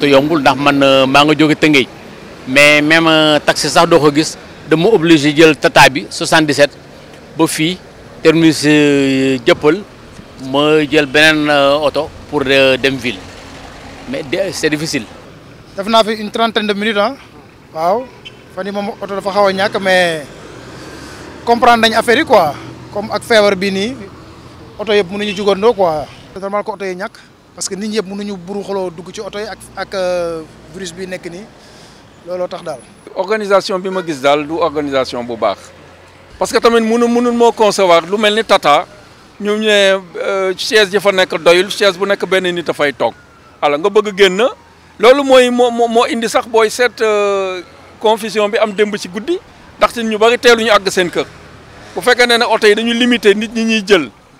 oto yombul ndax man ma nga jóge tëngéej mais même taxi sax do ko gis dama obligé jël tata bi 77 ba fi terminus jëppal ma jël benen auto eh, pour eh, dem ville mais c'est difficile def na fi une trentaine de minutes hein waaw fani mom auto oto dafa xawa ñak mais comprendre nañ affaire yi quoi comme ak feebar bi ni auto yeb mënu ñu jugandoo quoi normal ko auto yi ñak parce que nit ñëpp mënuñu xolo dugg ci auto ak ak euh, virus bi nek ni lolo tax dal organisation bi ma gis dal du organisation bu baax parce que tamen mënu mënu mo concevoir lu melni tata ñu ne euh, chaise yi ya fa doyul chaise bu nek ben nit fay tok ala nga bëgg genn lolu moy mo moo indi sax boy set euh, confusion bi am demb ci ndax ci ñu bari téluñu ag seen kër bu fekkene na auto yi dañu limiter nit ñi ñi jël.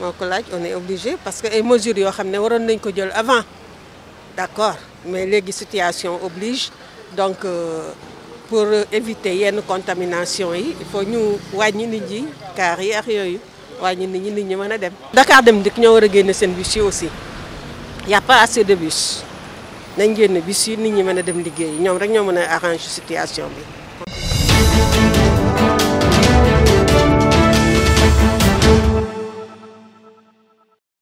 moo ko on est obligé parce que les mesures yo xamné waron waroon nañ ko jël avant d'accord mais les situation oblige donc euh, pour éviter yenn contamination yi il faut ñu wàññi nit ñi kaar yi ak yooyu wàññi nit ñi nit ñi mëna dem. Dakar Dem dik ñoo wara a sen bus aussi. Il y a pas assez de bus nañ génne bus yi nit ñi mëna dem liggéey ñom rek ñoo mëna arranger situation bi.